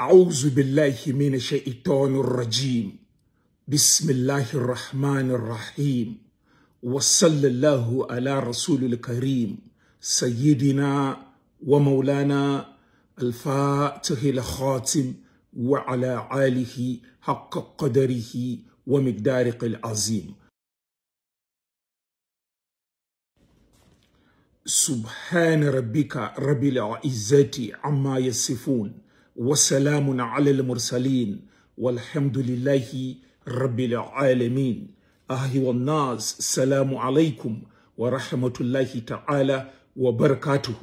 أعوذ بالله من الشيطان الرجيم بسم الله الرحمن الرحيم وصلى الله على رسول الكريم سيدنا ومولانا الفاتح الخاتم وعلى آله حق قدره ومقدار العظيم سبحان ربك رب العزة عما يصفون وسلام على المرسلين والحمد لله رب العالمين أهي والناس السلام عليكم ورحمة الله تعالى وبركاته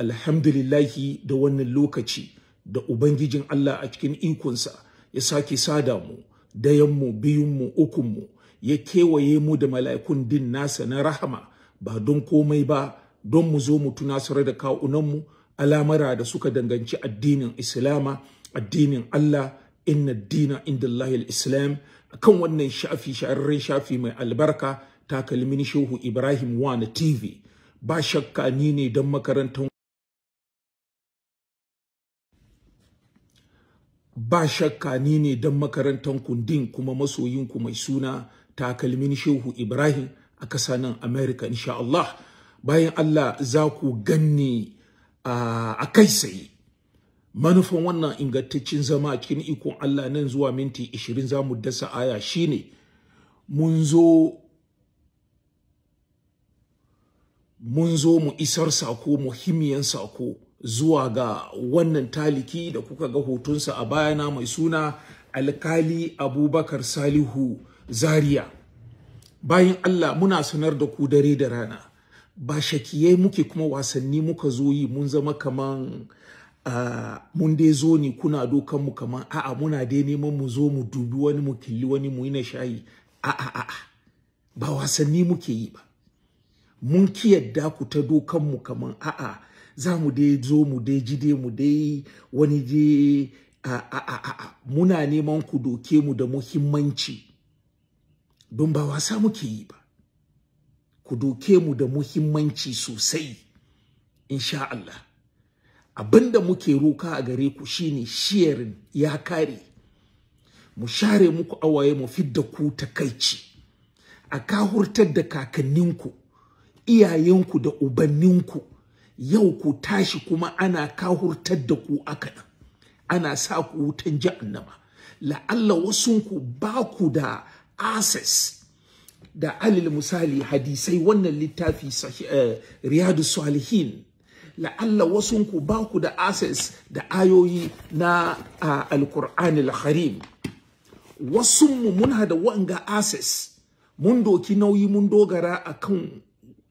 الحمد لله دون اللوكتي da Ubangijin Allah a cikin ikonsa ya sake sada mu, dayanmu, biyunmu, ukunmu, ya kewaye mu da mala'ikun din nasa na rahama ba don komai ba don mu zo mu tunasar da kawunanmu alamara da suka danganci addinin islama addinin Allah inna dina inda Allahil Islam kan wannan shafi shahararren shafi mai albarka takalmin shehu Ibrahim na TV ba shakka ni ne don makarantar ba shakka ni ne don makarantar kundin kuma masoyinku mai suna takalmin shehu Ibrahim a kasa nan America insha Allah bayan Allah za ku ganni a kai sai manufan wannan ingantaccen zama a cikin ikon Allah nan zuwa minti 20 za mu dasa aya shine mun zo mun zo mu isar sako muhimmiyan sako zuwa ga wannan taliki da kuka ga hotonsa a bayana mai suna alkali abubakar salihu zaria bayan Allah muna sanar da ku dare da rana ba shakiyai muke kuma wasanni muka zo yi mun zama kaman mun dai zo ne kuna dokan mu kaman a'a muna dai neman mu zo mu dubi wani mu killi wani mu yi na shayi a'a a'a ba wasanni muke yi ba mun ki yadda ku ta dokan mu kaman a'a za mu dai zo mu dai ji dai mu dai wani dai a'a a'a muna neman ku doke mu da muhimmanci don ba wasa muke yi ba ku doke mu da muhimmanci sosai insha Allah abinda muke roka a gare ku shine shiyarin ya kare mu share muku awaye mu fidda ku takaici a kahurtar da kakanninku iyayenku da ubanninku yau ku tashi kuma ana kahurtar da ku aka nan ana sa ku wutan jahannama la'alla wasunku ba ku da access da alil misali hadisai wannan littafi eh, riyadu salihin la'alla wasu ku ba ku da access da ayoyi na alkur'ani al-karim wasu mu muna da wanga access mun doki nauyi mun dogara kan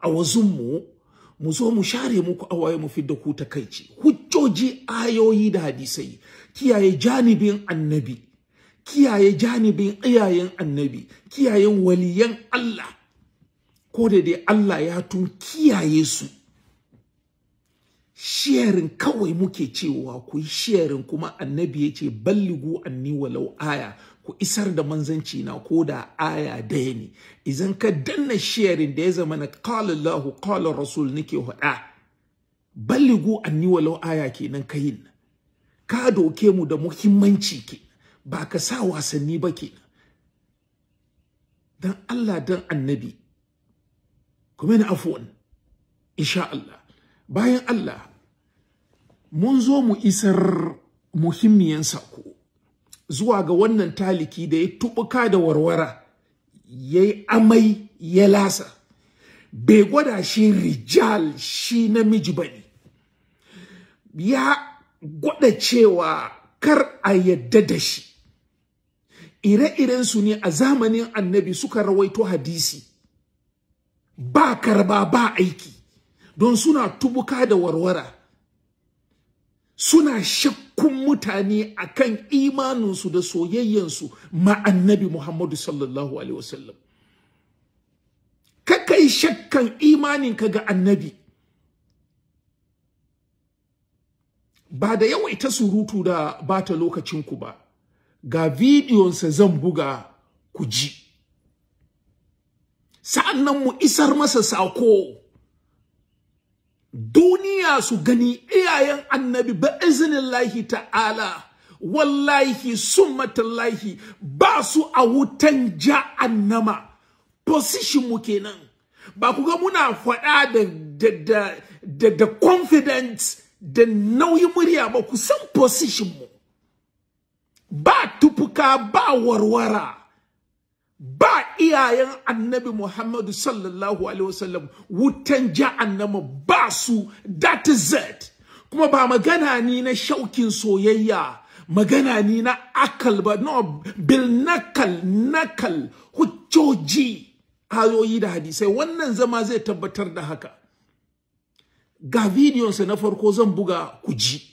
awazun mu mu zo mu share muku awaye mu fidda ku takaici hujjoji ayoyi da hadisai kiyaye janibin annabi kiyaye janibin iyayen annabi kiyayen waliyan Allah ko da dai Allah ya tun kiyaye su sharing kawai muke cewa ku yi sharing kuma annabi ya ce balligu anni walau aya ku isar da manzanci na ko da aya daya ne idan ka danna sharing da ya zama na qala Allahu qala rasul nake hada balligu anni walau aya kenan kayin ka doke mu da muhimmanci ke ba ka sa wasanni ba ke dan Allah dan annabi kuma ni afuwan insha Allah bayan Allah mun zo mu isar muhimmiyan sako zuwa ga wannan taliki da ya tubuka da warwara yayi amai ya lasa bai gwada shi rijal shi namiji bane ya gwada cewa kar a yadda da shi ire-irensu ne a zamanin annabi suka rawaito hadisi ba karba ba aiki don suna tubuka da warwara suna shakkun mutane akan imaninsu da soyayyansu ma annabi Muhammadu sallallahu alaihi wasallam kakai shakkan imaninka ga annabi ba da yawaita surutu da bata ku ba ga bidiyonsa zan buga ku ji nan mu isar masa sako duniya su gani iyayen annabi ba lahi ta'ala wallahi sun matallahi ba su a wutan ja ja'annama position mu kenan ba ku ga muna faɗa da da da da confidence da nauyin murya ba ku san position mu ba tufuka ba warwara ba iyayen annabi Muhammadu sallallahu alaihi wasallam wutan annama ba su that is it kuma ba magana ni na shaukin soyayya magana ni na akal ba no bil nakal nakal hujjoji ayoyi da hadisai wannan zama zai tabbatar da haka ga vidiyonsa na farko zan buga ku ji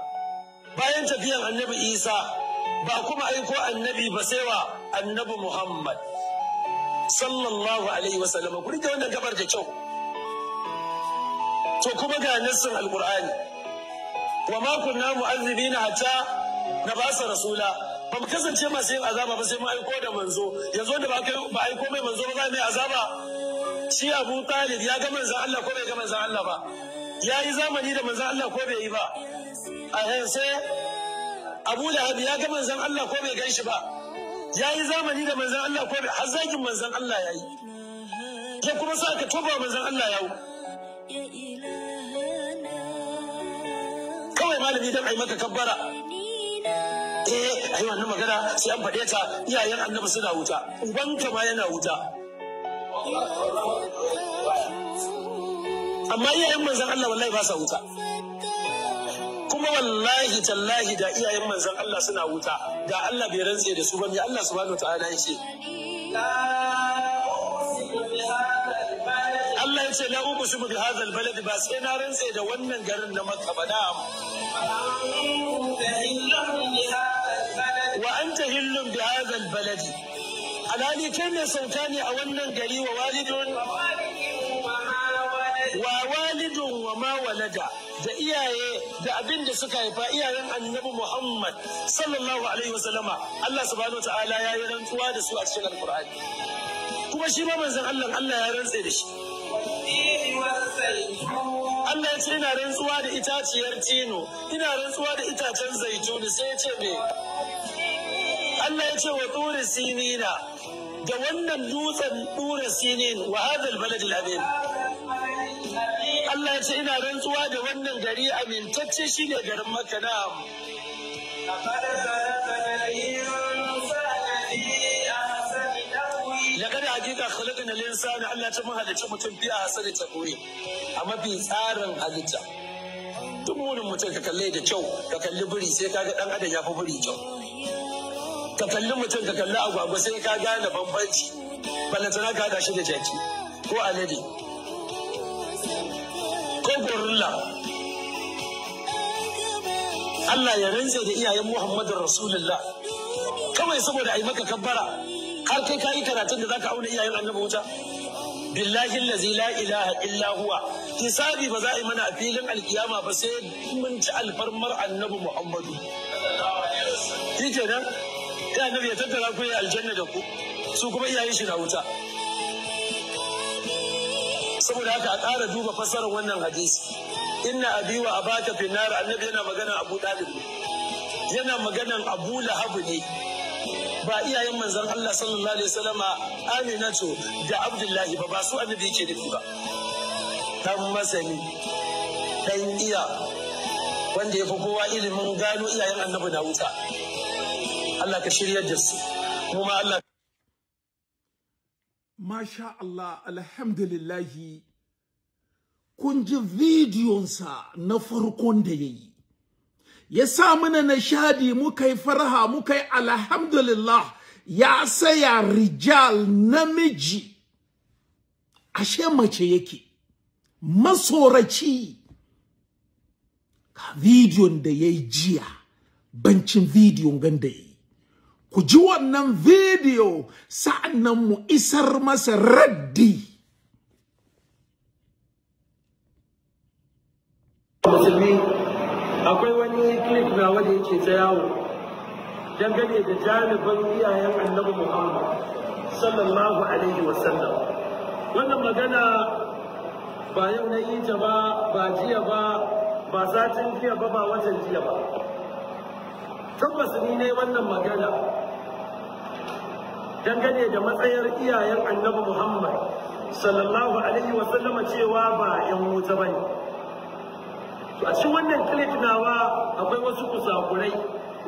bayan tafiyan annabi isa ba kuma aiko annabi ba sai wa annabi muhammad sallallahu alaihi wasallama ku rike wannan gabar da kyau to kuma ga nassin alqur'ani wa ma kunna mu'azzibina hatta nabasa rasula ba mu kasance masu yin azaba ba sai mu aiko da manzo yanzu da ba aiko mai manzo ba za mu yi azaba shi abu talib ya ga manzan Allah ko bai ga manzan Allah ba ya yi zamani da manzan Allah ko bai yi ba a sai abu da ya ga manzan Allah ko bai ganshi ba ya yi zamani da manzan Allah ko bai har zakin manzan Allah ya yi Ke kuma sa ka tuba manzan Allah ya kawai malami dan ai maka kabbara eh ai wannan magana sai an faɗe ta iyayen annabi suna wuta ubanka ma yana wuta amma iyayen manzan Allah wallahi ba sa wuta kuma wallahi tallahi da iyayen manzan Allah suna wuta da Allah bai rantse da su ba me Allah subhanahu ta'ala ya ce Allah ya ce la uqsimu bi hadha al-balad ba sai na rantse da wannan garin na Makka ba da wa anta hillum bi hadha al-balad alani kai ne sauka ne a wannan gari wa walidun wa walidun wa ma walada da iyaye da abin da suka haifa iyayen annabi Muhammad sallallahu alaihi wasallama Allah subhanahu wa ta'ala ya yi rantsuwa da su a cikin alkur'ani kuma shi ma manzon Allah Allah ya rantse da shi Allah ya ce ina rantsuwa da itaciyar tino ina rantsuwa da itacen zaituni sai ya ce me Allah ya ce wa turi sinina da wannan dutsen turi sinin wa hadal balad amin Allah ya ce ina rantsuwa da wannan gari amintacce shi ne garin Makka na Lagada hakika khalaqna na insana Allah ta mun halicci mutum fi ta taqwim a mafi tsarin halitta duk munin mutum ka kalle da kyau ka kalli biri sai ka ga dan adam ya fi biri kyau ka kalli mutum ka kalli agwagwa sai ka gane bambanci ballantana ka hada shi da jaki ko alade gorilla Allah ya rantse da iyayen Muhammadu Rasulullah kawai saboda yi maka kabbara har kai kayi karatun da zaka auna iyayen annabi wuta billahi allazi la ilaha illa huwa hisabi ba za a yi mana a filin alkiyama ba sai mun ci alfarmar annabi Muhammadu shi kenan ya annabi ya tattara ku ya aljanna da ku su kuma iyayen shi na wuta saboda haka a ƙara duba fassarar wannan hadisi inna abi wa abaka fi nar annabi yana magana abu dalib yana maganan abu lahab ne ba iyayen manzon Allah sallallahu alaihi wasallama Aminatu da Abdullahi ba ba su annabi yake nufi ba dan masani dan iya wanda ya fi kowa ilimin gano iyayen annabi na wuta Allah ka shirya da su kuma Allah Masha Allah, alhamdulillahi, kun ji sa na farkon da ya yi. Ya sa mana nishadi muka yi farha muka yi alhamdulillah ya saya rijal namiji, ashe mace yake, masoraci. Ka videon da ya yi jiya, bancin bidiyon ganda ya ku ji wannan video sa'annan mu isar masa raddi musulmi akwai wani clip na wanda yake ta yawo dangane da janibin iyayen annabi muhammad sallallahu alaihi wasallam wannan magana ba yau na yi ta ba ba jiya ba ba satin jiya ba ba watan jiya ba tabbas ni ne wannan magana dangane da matsayar iyayen annabi Muhammad sallallahu alaihi wa sallama cewa ba yan wuta ba to a cikin wannan clip nawa akwai wasu kusakurai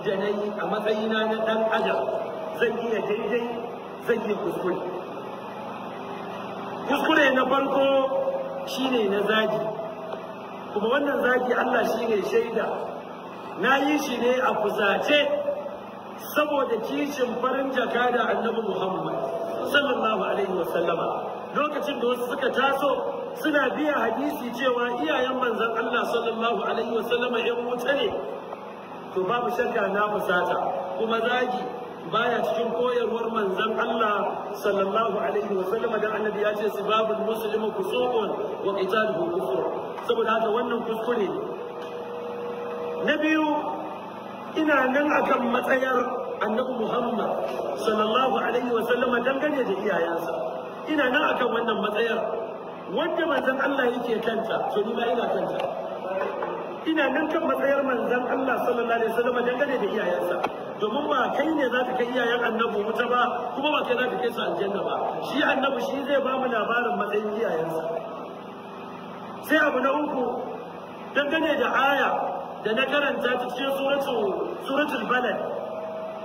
da nayi a matsayina na dan adam zan iya daidai zan yi kuskure kuskure na farko shine na zagi kuma wannan zagi Allah shine shaida na yi shi ne a kusace saboda kishin farin jaka da annabi Muhammad sallallahu alaihi wasallama lokacin da wasu suka taso suna biya hadisi cewa iyayen manzon Allah sallallahu alaihi wasallama yan wuta ne to babu shakka na fusata kuma zagi baya cikin koyarwar manzon Allah sallallahu alaihi wasallama da annabi ya ce sibabul muslimu kusuqun wa qitaluhu kufur saboda haka wannan kuskure ne na biyu ina nan akan matsayar annabi Muhammad sallallahu alaihi wa sallama dangane da iyayensa ina nan akan wannan matsayar wanda manzon Allah yake kanta to ni ma ina kanta ina nan kan matsayar manzon Allah sallallahu alaihi wa sallama dangane da iyayensa domin ba kai ne za ka kai iyayen annabi wuta ba kuma ba kai za ka kai su aljanna ba shi annabi shi zai ba mu labarin matsayin iyayensa sai abu na uku dangane da aya da na karanta ta cikin suratul balad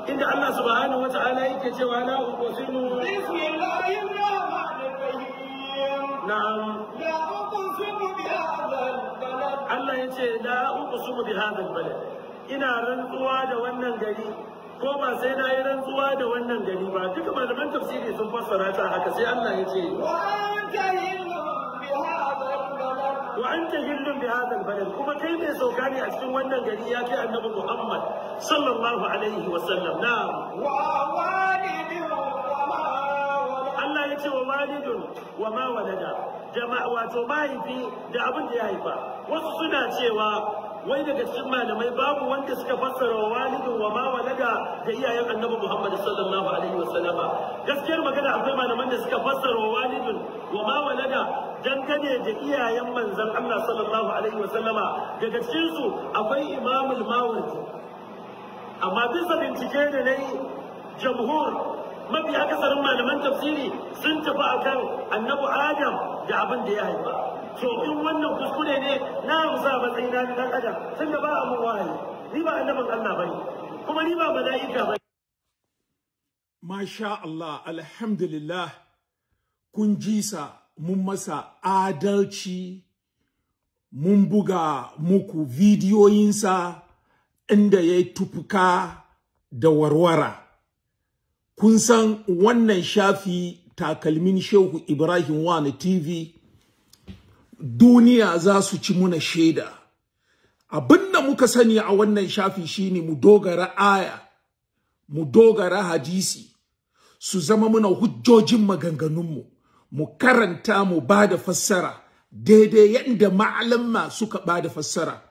inda Allah subhanahu wata'ala yake cewa la uqsimu bismillahir rahmanir rahim na'am la uqsimu bi hadhal balad Allah yace la uqsimu bi hadhal balad ina rantsuwa da wannan gari ko ba sai na yi rantsuwa da wannan gari ba duka malaman tafsiri sun fassara ta haka sai Allah ya ce wa anta wa anta hillun bi hadha albalad kuma kai mai sauka ne a cikin wannan gari ya fi annabi Muhammad sallallahu alaihi wa sallam na. wa walidin Allah ya ce wa walidun wa ma walada jama'a wato mahaifi da abin da ya haifa wasu suna cewa wai daga cikin malamai babu wanda suka fassara wa walidin wa ma walada da iyayen annabi Muhammad sallallahu alaihi wa sallama gaskiyar magana akwai malaman da suka fassara wa walidin wa ma walada dangane da iyayen manzon Allah sallallahu alaihi wa sallama daga cikin su akwai Imamul Mawardi amma bisa bincike da nayi jamhur mafi akasarin malaman tafsiri sun tafi akan annabi Adam da abin da ya haifa to in wannan kuskure ne na a matsayin na dan adam tun da ba a mun wahayi ni ba annabin Allah bane kuma ni ba mala'ika bane Masha Allah, alhamdulillah, kun jisa mun masa adalci, mun buga muku bidiyoyinsa inda ya yi tufuka da warwara. Kun san wannan shafi takalmin Shehu Ibrahim Wani TV duniya za su ci muna shaida abinda muka sani a wannan shafi shine mu dogara aya mu dogara hadisi su zama muna hujjojin maganganunmu mu karanta mu ba da fassara daidai yadda ma'alamma suka ba da fassara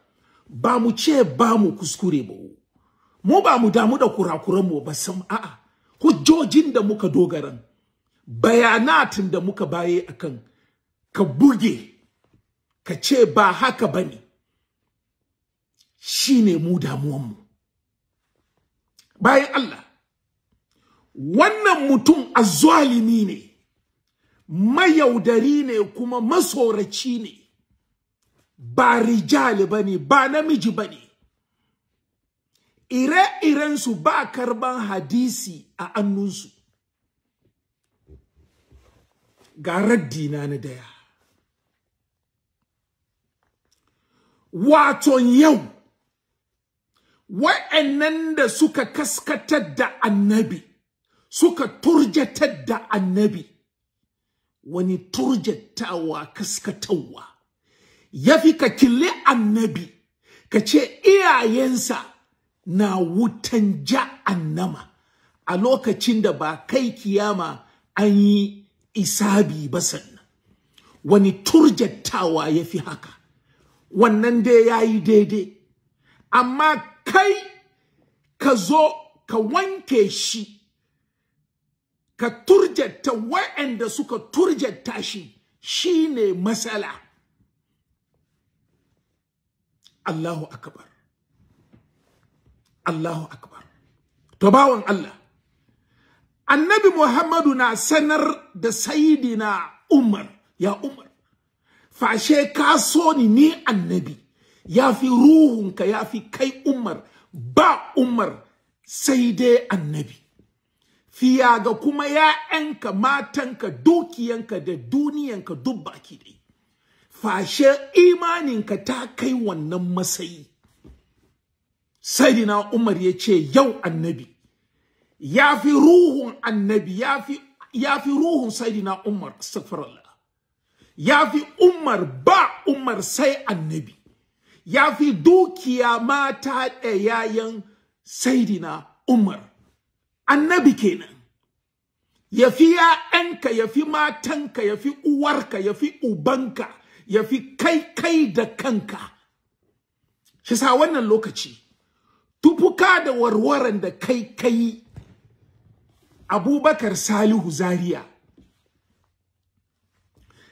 ba mu ce ba mu kuskure ba mu ba mu damu da kurakuranmu ba sam a'a hujjojin da muka dogaran bayanatin da muka baye akan ka buge ka ce ba haka ba ne shi ne mu damuwanmu bayan Allah wannan mutum azzalimi ne mayaudari ne kuma masoraci ne ba rijali bane ba namiji bane ire-iren su ba karban hadisi a annunsu ga raddina na daya wato yau wa'annan da suka kaskatar da annabi suka turjatar da annabi wani turjatawa kaskatawa fi ka kille annabi ka ce iyayensa na wutan ja annama a lokacin da ba kai kiyama an yi isabi ba sannan wani turjatawa fi haka wannan dai yi daidai amma kai ka zo ka wanke shi ka turjata wa'anda suka turjata shi shi ne matsala Allahu akbar Allahu akbar to bawan Allah annabi Muhammadu na sanar da sayidina Umar ya Umar fashe ka so ni ni annabi yafi ruhunka yafi kai Umar ba Umar sai dai annabi fiya ga kuma ya'yanka matanka dukiyanka da duniyanka duk baki dai fashe imaninka ta kai wannan masayi sayyidina Umar ya ce yau annabi ya fi ruhun annabi ya fi ruhun sayyidina Umar astaghfirullah ya fi umar ba umar sai annabi ya fi dukiya mata ɗayayen saidina umar annabi kenan ya fi ‘ya'yanka ya fi matanka ya fi uwarka ya fi ubanka ya fi kai kai da kanka shi sa wannan lokaci tufuka da warwaran da kai kai abubakar salihu Zariya.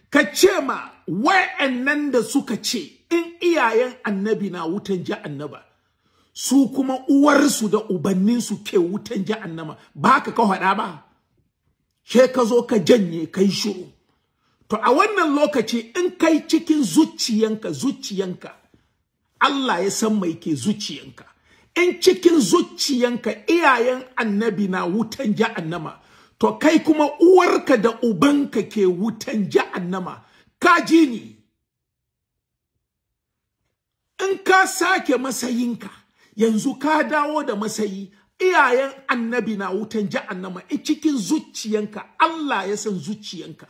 ka ce ma wa'annan da suka ce in iyayen annabi na wutan jahannama su kuma uwarsu da ubanninsu ke wutan jahannama ba ka ka ba she ka zo ka janye kai shiru to a wannan lokaci in kai cikin zuciyanka zuciyanka Allah ya san mai ke zuciyanka in cikin zuciyanka iyayen annabi na wutan jahannama to kai kuma uwarka da ubanka ke wutan ja'annama. ka ji ni in ka sake masayinka yanzu ka dawo da masayi iyayen annabi na wutan ja'annama. in cikin zuciyanka Allah ya san zuciyanka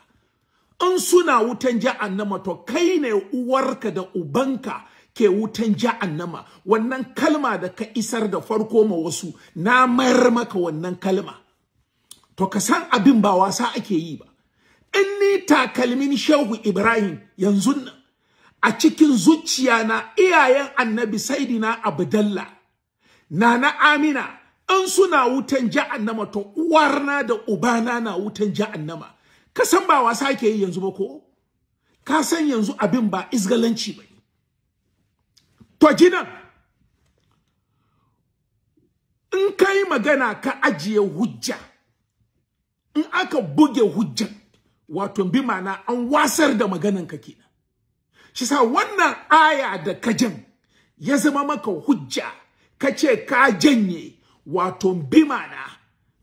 in suna wutan ja'annama. to kai ne uwarka da ubanka ke wutan ja'annama. wannan kalma da ka isar da farko ma wasu na mayar maka wannan kalma to ka san abin ba wasa ake yi ba in ni takalmin shehu ibrahim yanzu nan a cikin zuciya na iyayen annabi saidina abdalla nana amina in suna wutan ja'annama. to uwarna da ubana na wutan ja'annama. ka san ba wasa ake yi yanzu ba ko ka san yanzu abin ba isgalanci ba to jinan in kai magana ka ajiye hujja in aka buge hujjan wato bi ma'ana an wasar da maganan ka kenan shi sa wannan aya da kajan ya zama maka hujja kace ka janye wato bi ma'ana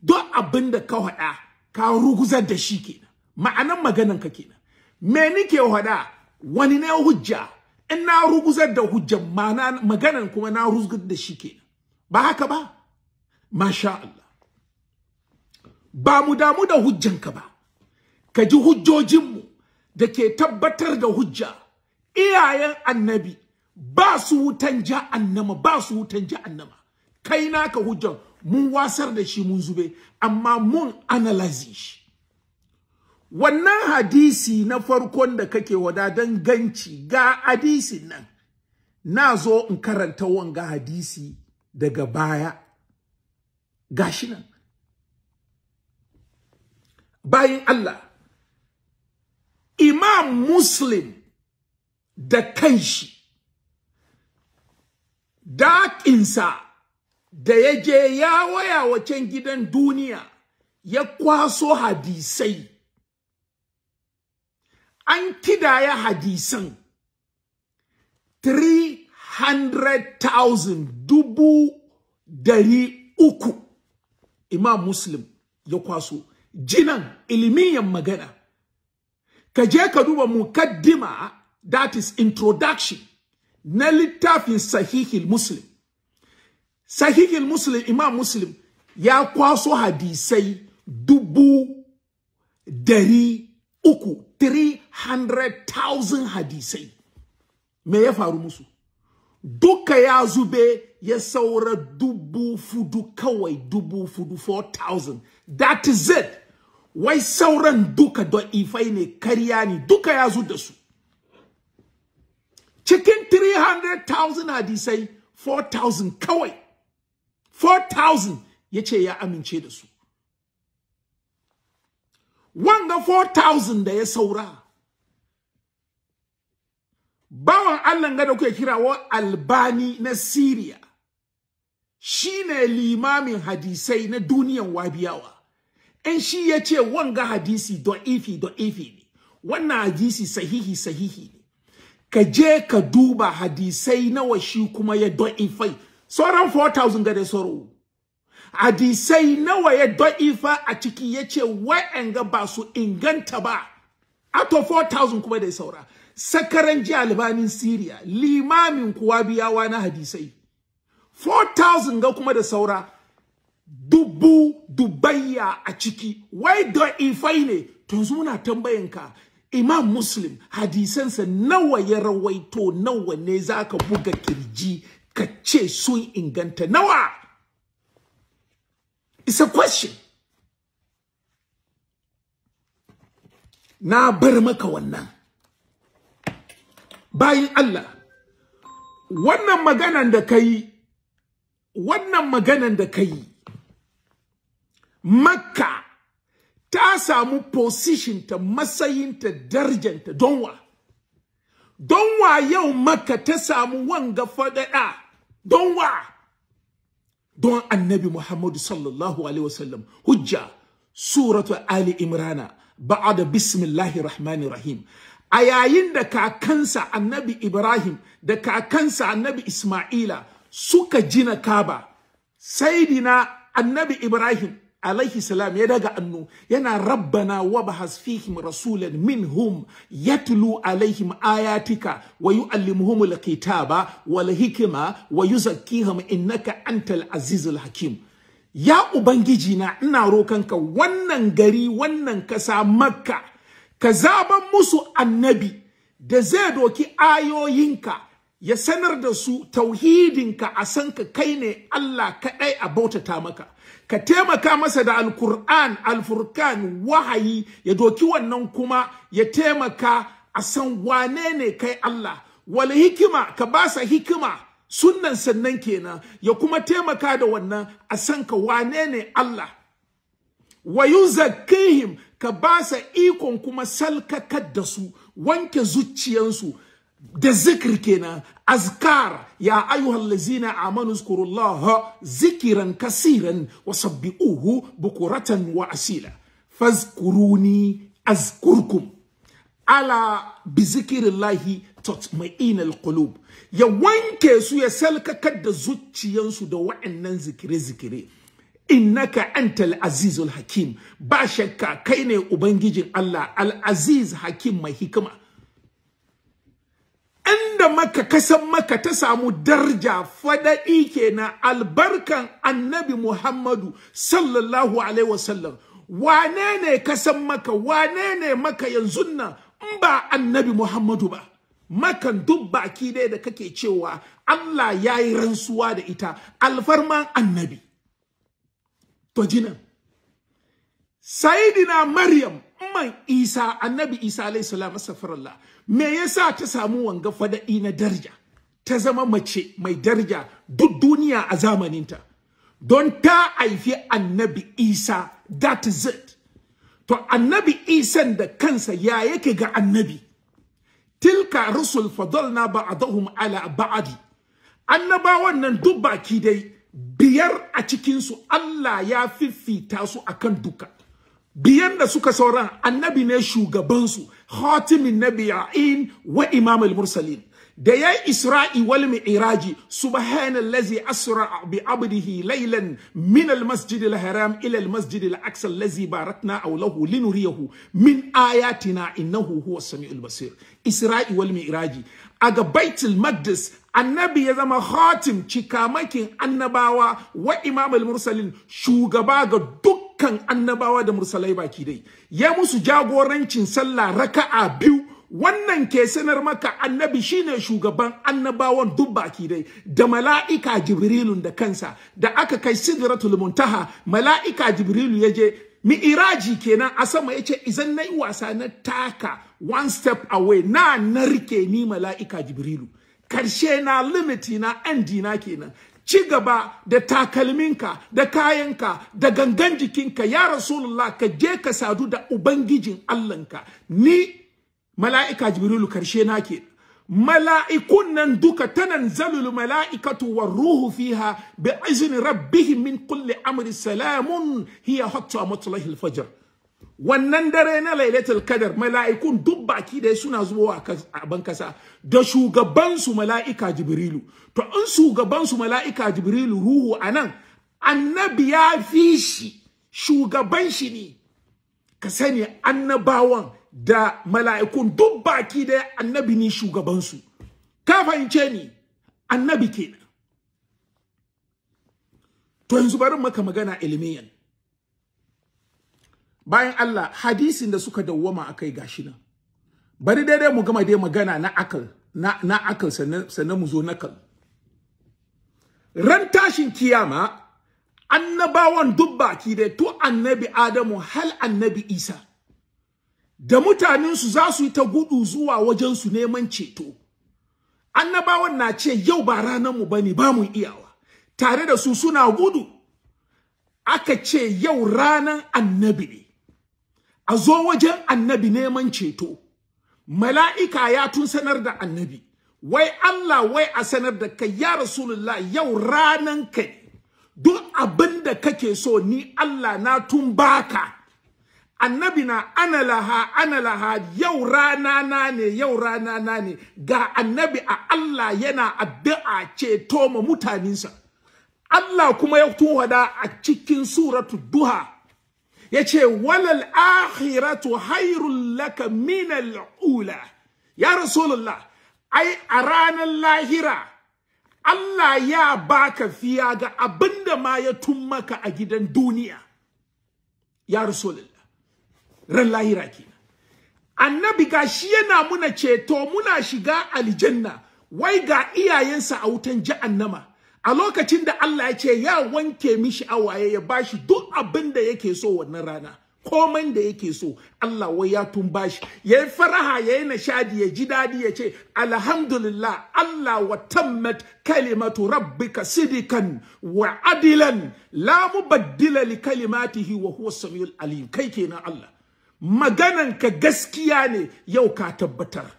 duk abin da ka hada ka ruguzar da shi kenan ma'anan maganan ka kenan me nike hada wani ne hujja in na ruguzar da hujjan maganan kuma na ruguzar da shi kenan ba haka ba masha Allah ba mu damu da hujjanka ba ka ji hujjojinmu da ke tabbatar da hujja iyayen annabi ba su wutan jahannama ba su wutan ja jahannama kai naka hujjan mun wasar da shi mun zube amma mun analyze shi wannan hadisi na farkon da kake wadadan ganci ga hadisin nan na zo in karanta wanga hadisi daga baya gashi nan bayan Allah imam muslim da kanshi daƙinsa da ya je ya waya wacan gidan duniya ya kwaso hadisai an kidaya hadisan 300,000 dubu dari uku imam muslim ya kwaso jinan ilmiyan magana ka je ka duba mukaddima that is introduction na littafin sahihil muslim sahihil muslim imam muslim ya kwaso hadisai dubu dari uku 300,000 hadisai me ya faru musu duka ya zube ya saura dubu fudu kawai dubu fudu 4,000 that is it wai sauran duka ifai ne kariya ne duka ya zo da su cikin 300,000 hadisai 4,000 kawai 4,000 ya ce ya amince da su wanga 4,000 da ya saura bawan Allah ga da kuke kirawa albani na Syria shine limamin hadisai na duniyan wabiyawa in shi ya ce wanga hadisi don ifi don ifi ne wannan hadisi sahihi sahihi ne ka je ka duba hadisai nawa shi kuma ya don ifai sauran 4000 ga da sauro hadisai nawa ya don ifa a ciki ya ce ga ba su inganta ba ato 4000 kuma da saura sakaran ji albanin Syria limamin kuwa biyawa na hadisai 4000 ga kuma da saura dubu dubayya a ciki wai da ifai ne to yanzu muna tambayanka imam muslim hadisansa nawa ya rawaito nawa ne zaka buga kirji ka ce sun inganta nawa it's a question na bar maka wannan bayin Allah wannan maganan da kai wannan maganan da kai makka ta samu position ta matsayinta darjanta donwa donwa yau makka ta samu wanga fadada donwa don annabi muhammadu sallallahu alaihi wasallam hujja suratu ali imrana da bismillahir rahmanir rahim a yayin da kakansa annabi ibrahim da kakansa annabi isma'ila suka jina kaba saidina annabi ibrahim alaihi salam ya daga annu yana rabbana wa bahas fihim rasulan minhum yatlu alaihim ayatika wa yuallimuhum alkitaba wal hikma wa yuzakkihim innaka antal azizul hakim ya ubangiji na ina ka wannan gari wannan kasa makka ka zaban musu annabi da zai doki ayoyinka ya sanar da su tauhidinka a san ka kai ne Allah kaɗai a bautata maka ka taimaka masa da alkur'an alfurkan wahayi ya doki wannan kuma ya taimaka a san wane ne kai Allah wal hikima ka basa hikima sunnan sannan kenan ya kuma taimaka da wannan a san ka wane ne Allah wa yuzakkihim ka basa ikon kuma salkakar da su wanke zuciyansu da zikir kenan azkar ya ayyuhal lazina amanu zkurullaha zikiran kasiran wa sabbi'uhu bukuratan wa asila fazkuruni azkurkum ala bi zikirillahi tatma'inal qulub ya wanke su ya salkakar da zuciyansu da wa'annan zikire zikire innaka antal azizul hakim ba shakka kai ne ubangijin Allah al aziz hakim mai hikima inda maka kasan maka ta samu darja fada'i kenan albarkan annabi Muhammadu sallallahu alaihi wasallam wane ne kasan maka wane ne maka yanzu nan in ba annabi Muhammadu ba makan duk baki dai da kake cewa Allah ya yi rantsuwa da ita alfarman annabi to jinan sayidina Maryam man Isa annabi Isa alaihi salam astaghfirullah me yasa ta samu wanga fada'i na darja ta zama mace mai darja duk duniya a zamaninta don ta haifi annabi isa that is it to annabi Isa da kansa ya yake ga annabi tilka rusul fadalna ba'dahum ala ba'd annabawan wannan duk baki dai biyar a cikin su Allah ya fifita su akan duka biyan da suka sauran annabi ne shugabansu khatimin nabiya'in wa imam al-mursalin da yayi isra'i wal mi'raji subhanallazi asra bi abdihi laylan min al-masjid al-haram ila al-masjid al-aqsa allazi barakna awlahu linuriyahu min ayatina innahu huwa samiul basir isra'i wal mi'raji aga baitul maqdis annabi ya zama hatim cikamakin annabawa wa imamul mursalin shugaba ga dukkan annabawa da mursalai baki dai ya musu jagorancin sallah raka'a biyu wannan ke sanar maka annabi shine shugaban annabawan duk baki dai da mala'ika jibrilun da kansa da aka kai sidratul muntaha mala'ika jibrilu ya je mi'iraji kenan a sama yace idan nayi wasa na taka one step away na narke ni mala'ika jibrilu karshe na limiti na andi na kenan ci gaba da takalminka da kayanka da gangan jikinka ya rasulullah ka je ka sadu da ubangijin allahnka ni mala'ika jibrilu karshe na kenan mala'ikun nan duka zalul mala'ikatu war ruhu fiha bi izni rabbihim min kulli amri salamun hiya hatta matla'il fajr wannan dare na lailatul kadar mala'ikun duk baki da suna zuwa a ban kasa da shugabansu mala'ika jibrilu to in shugabansu mala'ika jibrilu ruhu anan annabi ya fi shi shugaban shi ne ka sani annabawan da mala'ikun duk baki da annabi ne shugabansu ka fahimce ni annabi kenan to yanzu bari maka magana ilmiyan bayan Allah hadisin da suka dawwama akai gashi nan bari daidai mu gama dai magana na akal na na akal sannan mu zo na nakal ran tashin kiyama annabawan dubba ki dai to annabi Adamu hal annabi Isa da mutanensu za su yi ta gudu zuwa wajen su neman ceto annabawan na ce yau ba ranar mu bane ba mu iyawa tare da su suna gudu aka ce yau ranan annabi ne a zo wajen annabi neman ceto mala'ika ya tun sanar da annabi wai Allah wai a sanar da kai ya rasulullah yau ranan ka duk abin da kake so ni Allah na tun baka annabi na ana laha ana laha yau rana na ne yau rana na ne ga annabi a Allah yana addu'a ceto ma mutaninsa Allah kuma ya tuhada a cikin suratu duha yace walal akhiratu hayrul laka min ula ya rasulullah ai a ranar lahira Allah ya baka fiya ga abinda ma ya tun maka a gidan duniya ya rasulullah ran lahira ke annabi gashi yana muna ceto muna shiga aljanna wai ga iyayensa a wutan jahannama a lokacin da Allah ya ce ya wanke mishi awaye ya bashi duk abin da yake so wannan rana komai da yake so Allah wai ya tumbashi ya Yayi faraha yayi nishadi ya ji dadi ya ce alhamdulillah Allah wa tammat kalimatu rabbika sidikan wa adilan la mubaddila li kalimatihi wa huwa samiul alim kai kenan Allah maganan ka gaskiya ne yau ka tabbatar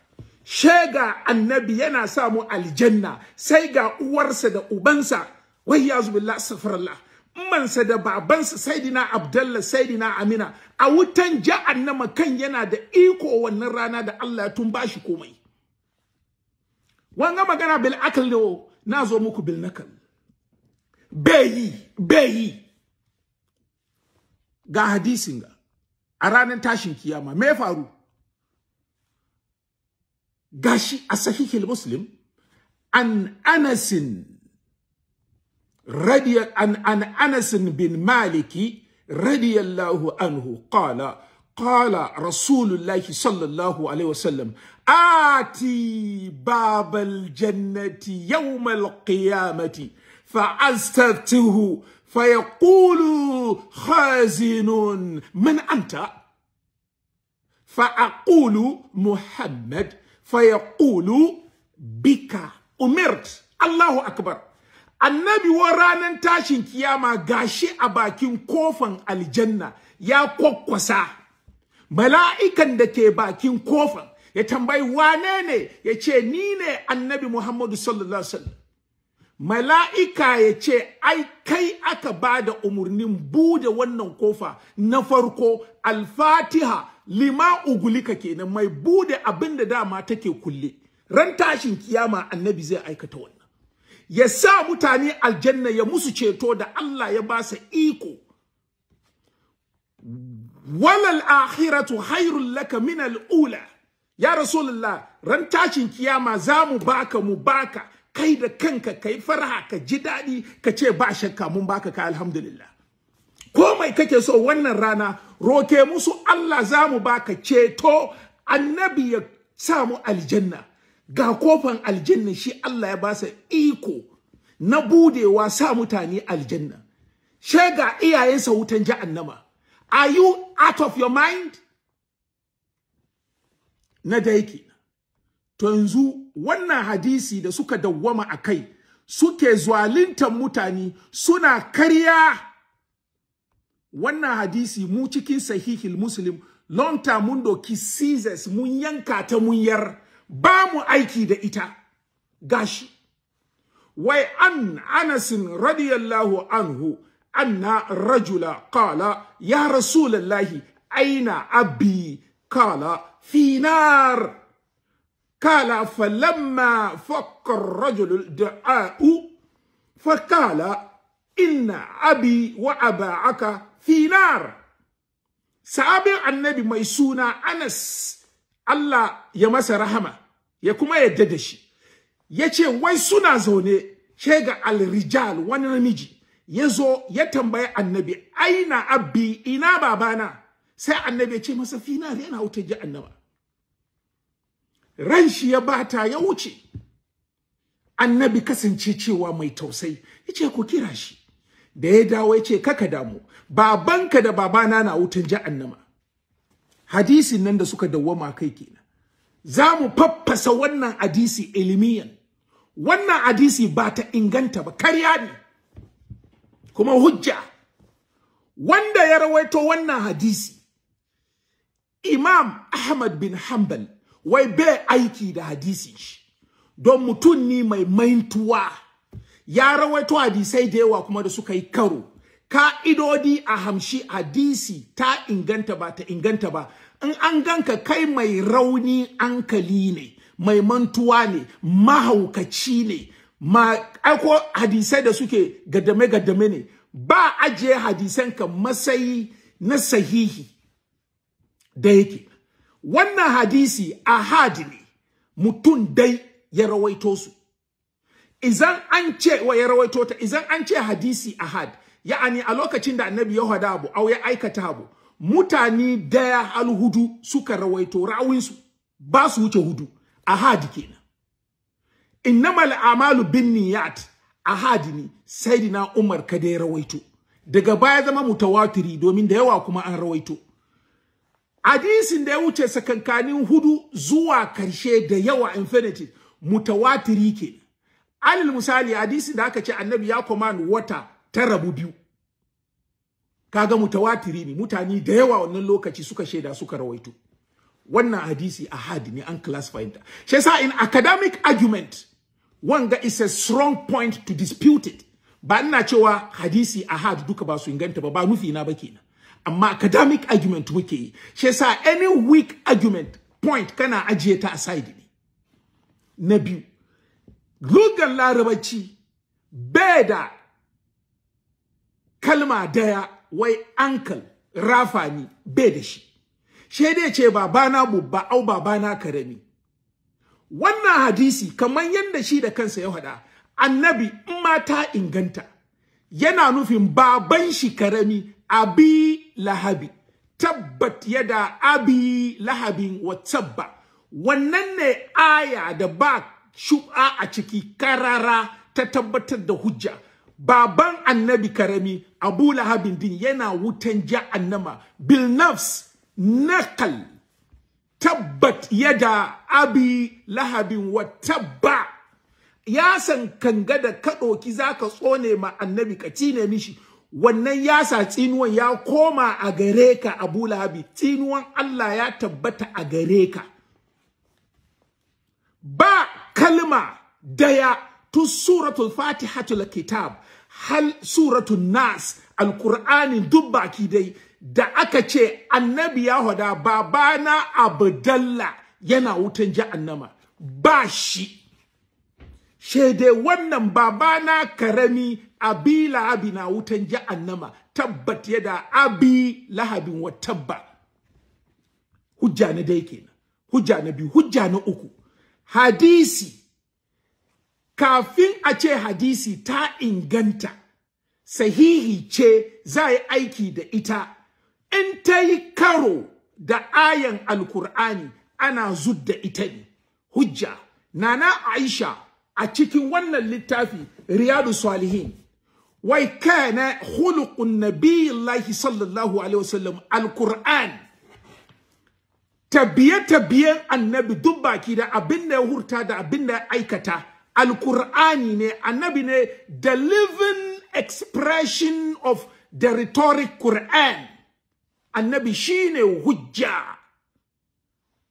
shega annabi yana samu aljanna sai ga uwarsa da ubansa wai ya zubillah astaghfirullah mansa da babansa saidina abdalla saidina amina a wutan annama kan yana da iko wannan rana da Allah tun ba shi komai wanga magana bil akal na zo muku bil nakal bayi bayi ga hadisin ga a ranar tashin kiyama me faru قاشي الصحيح المسلم عن أنس رضي عن عن أنس بن مالك رضي الله عنه قال قال رسول الله صلى الله عليه وسلم آتي باب الجنة يوم القيامة فأستفته فيقول خازن من أنت فأقول محمد fayaqulu bika umirt Allahu akbar annabi wa ranan tashin kiyama gashi a bakin kofan aljanna ya kokkosa mala'ikan da ke bakin kofan ya tambayi wane ne ya ce ni ne annabi Muhammadu sallallahu alaihi mala'ika ya ce ai kai aka ba da umarnin bude wannan kofa na farko alfatiha lima ugulika kenan mai bude abin da dama take kulle ran tashin kiyama annabi zai aikata wannan ya sa mutane aljanna ya musu ceto da Allah ya ba sa iko walal akhiratu khairul laka min al ula ya rasulullah ran tashin kiyama zamu baka mu baka kai da kanka kai farha ka ji dadi ka ce ba shakka mun baka ka alhamdulillah kawai kake so wannan rana roke musu Allah za mu baka ceto annabi ya samu aljanna ga kofan aljanna shi Allah ya basa iko na budewa sa mutane aljanna shega iyayensa wutan jahannama are you out of your mind na dai ki to yanzu wannan hadisi da suka dawwama akai kai suke zaluntar mutane suna karya wannan hadisi mu cikin sahihil muslim long term mun doki scissors mun yanka ta mun yar ba mu aiki da ita gashi wai an anas radiyallahu anhu anna rajula qala ya rasulullahi aina abi qala fi nar قال فلما فك الرجل الدعاء فقال إن أبي وأباعك finar sahabin annabi mai suna Anas Allah ya masa rahama ya kuma yadda da shi yace wai suna zaune ce al-rijal wani namiji ya zo ya tambaya annabi aina abbi ina babana sai annabi ya ce masa finar yana wutar annaba ran shi ya bata ya wuce annabi kasance cewa mai tausayi ce ku kira shi da ya dawo ya ce kaka damu babanka da babana na wutan ja'annama. hadisin nan da suka dawwama kai kenan za mu faffasa wannan hadisi ilimiyan wannan hadisi ba ta inganta ba karya ne kuma hujja wanda ya rawaito wannan hadisi imam ahmad bin hanbal wai bai aiki da hadisi shi don mutum ne mai maintuwa ya rawaito hadisai da yawa kuma da suka yi karo ka'idodi a hamshi hadisi ta inganta ba ta inganta ba in an ganka kai mai rauni ankali ne mai mantuwa ne mahaukaci ne ma aiko hadisai da suke gadame gadame ne ba ajiye ka masayi na sahihi da yake wannan hadisi ahad ne mutum dai ya rawaito su Izan an ce wa ya rawaito ta izan an ce hadisi ahad ya'ani a lokacin da annabi ya hada abu au ya aikata abu mutane daya alhudu hudu suka rawaito ra'awinsu ba su wuce hudu ahad kenan innamal a'malu binniyat ahad ne sayyidina umar kada ya rawaito daga baya zama mutawatiri domin da yawa kuma an rawaito hadisin da ya wuce sakankanin hudu zuwa karshe da yawa infinity mutawatiri kenan alil misali hadisin da aka ce annabi ya command wata ta rabu biyu kaga mutawatiri ne mutane da yawa wannan lokaci suka shaida suka rawaito wannan hadisi ahadi ne an classify ta shi yasa in academic argument wanga is a strong point to dispute it ba ina cewa hadisi ahad duka ba su inganta ba ba nufi na ba kenan amma academic argument muke yi shi yasa any weak argument point kana ajiye ta aside ne na biyu lugan larabaci bai da kalma daya wai ankal ni bai da shi shi dai ce babana bubba au babana karami wannan hadisi kamar yadda shi da kansa ya faɗa annabi in ma ta inganta yana nufin baban shi karami abi lahabi tabbat yada abi lahabin wa tabba wannan ne aya da ba shu'a a ciki karara ta tabbatar da hujja baban annabi karami abu lahabin din yana wutan annama bil nafs nakal tabbat yada abi lahabin wa tabba ya san kanga da ka ɗoki za ka tsone ma annabi ka cine mishi wannan yasa tsinuwan ya koma a gare ka abu lahabi tsinuwan Allah ya tabbata a gare ka ba kalma daya tun suratul fatihatul kitab hal suratul nas alqur'ani duk baki dai da aka ce annabi ya hoda babana abdalla yana wutan jahannama ba shi shede wannan babana karami abi lahabi na wutan jahannama tabbat yada abi lahabin wa tabba hujja na dai kenan hujja na biyu hujja na uku hadisi kafin a ce hadisi ta inganta sahihi ce za yi aiki da ita in ta yi karo da ayan alkur'ani ana zudda da ita ne hujja nana aisha a cikin wannan littafi riyadu salihin wai kana khuluqun nabiyillahi sallallahu alaihi wasallam alkur'ani tabiye-tabiyen annabi duk baki da abin da ya hurta da abin da ya aikata alkur'ani ne annabi ne the living expression of the rhetoric Qur'an annabi shi ne hujja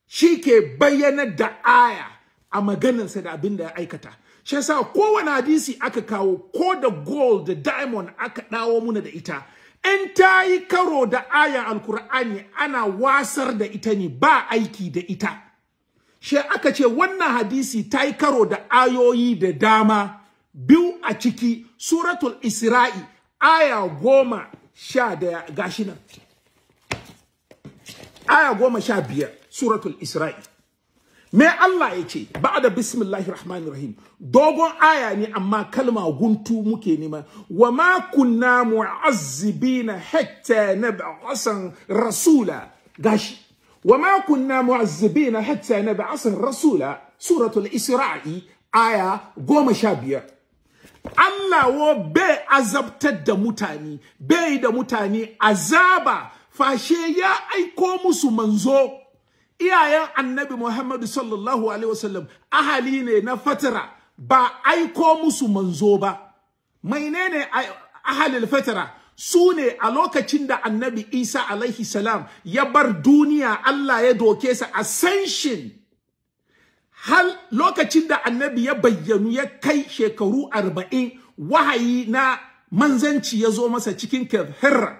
shi ke bayyanar da aya a maganarsa da abin da ya aikata shi yasa kowane hadisi aka kawo ko da gold da diamond aka dawo muna da ita in ta yi karo da ayan alkur'ani ana wasar da ita ne ba aiki da ita she aka ce wannan hadisi ta yi karo da ayoyi da dama biyu a ciki suratul isra'i aya goma sha daya gashi aya goma sha biyar suratul isra'i me Allah ya ce da bismillahi rahmanir rahim dogon aya ne amma kalma guntu muke nema wa ma kunna na hatta nab'asan rasula gashi wa ma kunna na hatta nab'asan rasula suratul isra'i aya goma sha biyar Allah wo bai azabtar da mutane bai da mutane azaba fashe ya aiko musu manzo iyayen annabi Muhammadu sallallahu alaihi wasallam ahali ne na fatara ba aiko musu manzo ba mainene ahalil fatara su ne a lokacin da annabi Isa alaihi salam ya bar duniya Allah ya doke sa ascension hal lokacin da annabi ya bayyanu ya kai shekaru arba'in wahayi na manzanci ya zo masa cikin Hirra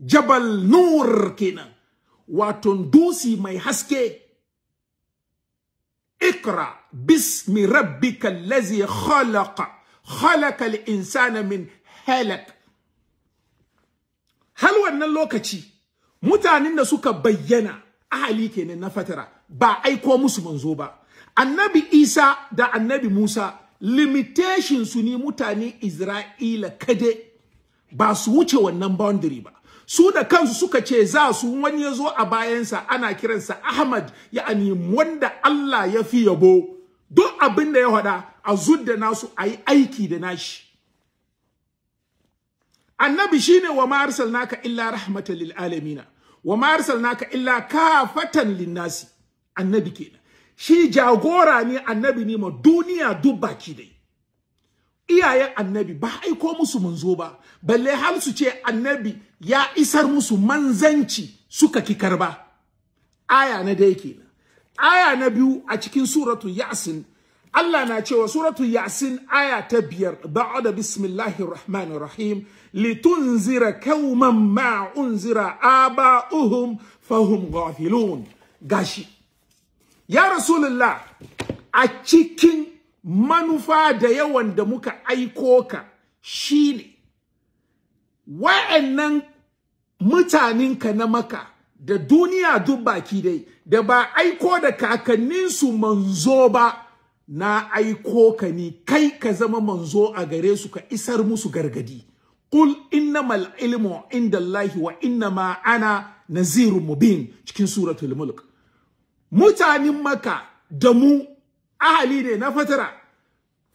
jabal nur kenan wato dusi mai haske ikra bismi rabbika allazi khalaqa khalaqa al-insana min halak hal wannan lokaci mutanen da suka bayyana ahali kenan na fatara ba aiko musu manzo ba annabi Isa da annabi Musa limitation su ne mutane Isra'ila kade ba su wuce wannan boundary ba su da kansu suka ce za su wani ya zo a bayansa ana kiransa Ahmad ya ani wanda Allah ya fi yabo duk abin da ya faɗa a zudda nasu a yi aiki da nashi annabi shine wa ma arsalnaka illa rahmatan lil alamin wa ma arsalnaka illa kafatan lin nasi annabi kenan shi jagora ne annabi ne ma duniya duk baki dai iyayen annabi ba aiko musu manzo ba balle har su ce annabi ya isar musu manzanci suka ki karba aya na dai kenan aya na biyu a cikin suratu yasin Allah na cewa suratu yasin aya ta biyar ba'ada bismillahir rahmanir rahim litunzira kauman ma unzira aba'uhum fahum ghafilun gashi ya rasulullah a cikin manufa da yawan da muka aiko ka shine wa'annan mutaninka na maka da duniya duk baki dai da ba aiko da kakanninsu manzo ba na aiko ka ni kai ka zama manzo a gare su ka isar musu gargadi qul innamal ilmu indallahi wa innama ana nazirun mubin cikin suratul mulk mutanen maka da mu ahali ne na fatara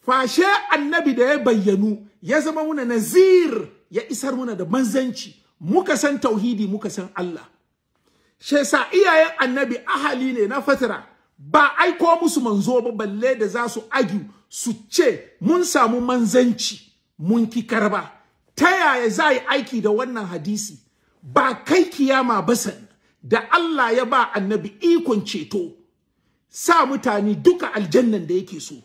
fashe annabi da ya bayyanu ya zama muna nazir ya isar muna da manzanci muka san tauhidi muka san Allah she sa iyayen annabi ahali ne na fatara ba aiko musu manzo ba balle da za su agi su ce mun samu manzanci mun ki karba ta yaya za yi aiki da wannan hadisi ba kai kiyama basan da Allah ya ba annabi ikon ceto sa mutane duka aljannan da yake so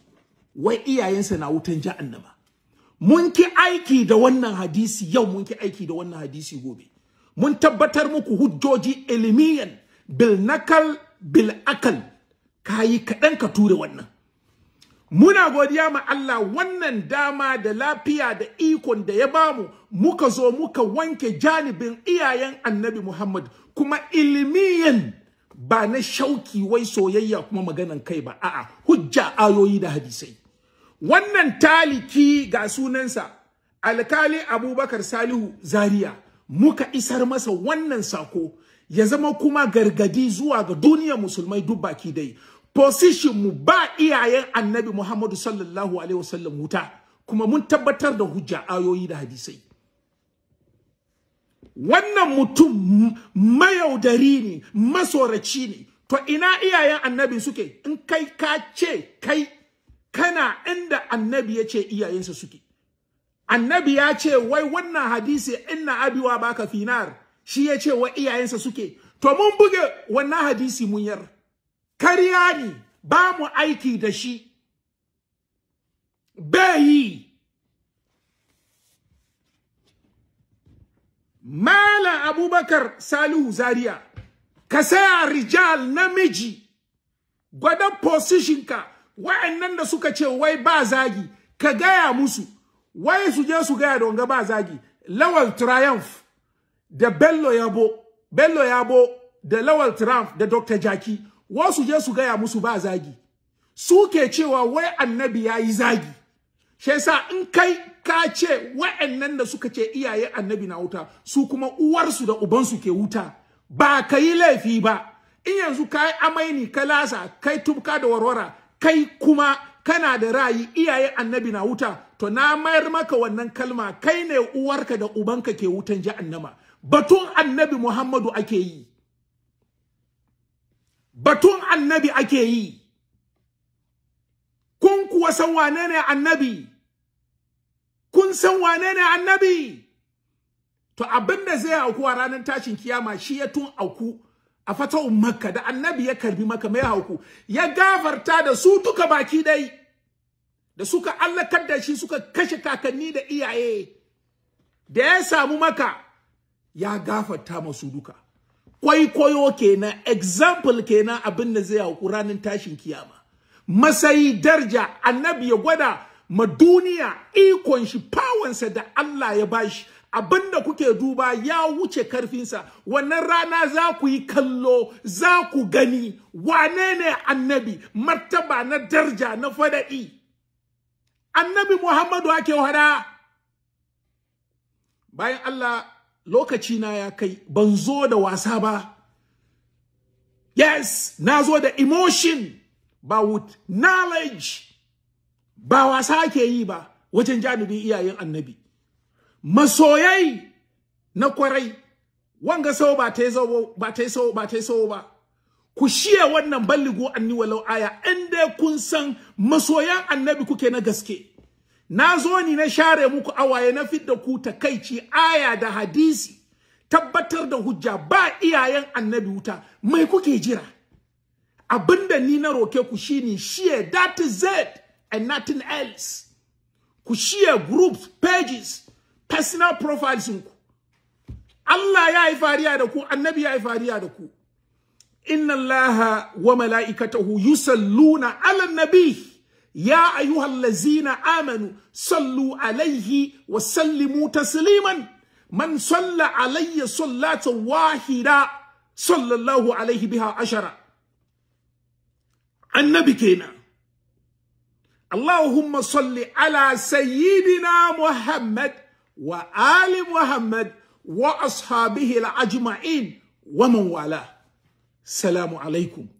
wai iyayensa na wutan jahannama mun ki aiki da wannan hadisi yau mun ki aiki da wannan hadisi gobe mun tabbatar muku hujjoji ilmiyan bil nakal bil akal kayi kaɗan ka ture wannan muna godiya ma Allah wannan dama da lafiya da ikon da ya bamu muka zo muka wanke janibin iyayen annabi Muhammad kuma ilmiyan ba na shauki wai soyayya kuma maganan kai ba a'a hujja ayoyi da hadisai wannan taliki ga sunansa alkali abubakar salihu zaria muka isar masa wannan sako ya zama kuma gargadi zuwa ga duniyar musulmai duk baki dai position mu ba iyayen annabi muhammadu sallallahu alaihi wasallam wuta kuma mun tabbatar da hujja ayoyi da hadisai wannan mutum mayaudari ne masoraci ne to ina iyayen annabi suke in kai ka ce kai kana inda annabi ya ce iyayensa suke annabi ya ce wai wannan hadisi inna abiwa baka finar shi ya ce wai iyayensa suke to mun buge wannan hadisi mun yar kariya ne ba mu aiki da shi bai yi Malam Abubakar Salihu Zaria ka saya rijal namiji gwada position ka wa'annan da suka ce wai ba zagi ka gaya musu wai su je su gaya donga ba zagi lawal triumph da bello yabo bello yabo da lawal triumph da dr jaki wasu je su gaya musu ba zagi suke cewa wai annabi yayi zagi shi yasa in kai ka ce wa'annan da suka ce iyaye annabi na wuta su kuma uwarsu da ubansu ke wuta ba ka yi laifi ba in yanzu ka yi amaini ka lasa kai tubka da warwara kai kuma kana da ra'ayi iyaye annabi na wuta to na mayar maka wannan kalma kai ne uwarka da ubanka ke wutan jahannama batun annabi muhammadu ake yi batun annabi ake yi kun kuwa san wane ne annabi kun san wane ne annabi to abin da zai auku a ranar tashin kiyama shi ya tun auku a fatawun makka da annabi ya karbi maka mai hauku ya gafarta da su duka baki dai da suka allakar da shi suka kashe kakanni da iyaye da ya samu maka ya gafarta masu duka kwaikwayo kenan example kenan abin da zai hauku ranar tashin kiyama masayi darja annabi ya gwada ma duniya ikon shi pawansa da Allah ya bashi abinda kuke duba ya wuce karfinsa wannan rana za ku yi kallo za ku gani wane ne annabi martaba na darja na fadaɗi? annabi muhammadu ake hada bayan Allah lokaci na ya kai ban zo da wasa ba yes na zo da emotion ba with knowledge ba wasa ake yi ba wajen janibin iyayen annabi masoyai na kwarai wanga sau ba ta so ba ta so ba ta so ba ku shiye wannan balligo anni walau aya in kun san masoyan annabi kuke na gaske na zo ni na share muku awaye na fidda ku takaici aya da hadisi tabbatar da hujja ba iyayen annabi wuta mai kuke jira abinda ni na roke ku shine shiye that is it and nothing else. Ku share groups, pages, personal profiles Allah ya yi adaku annabi ya yi fariya da ku. Inna Allah wa mala'ikatahu yusalluna ala nabi ya ayyuhal lazina amanu sallu alaihi wa sallimu tasliman man salla alayya sallata wahida sallallahu alaihi biha ashara annabi kenan اللهم صل على سيدنا محمد وآل محمد وأصحابه الأجمعين ومن والاه السلام عليكم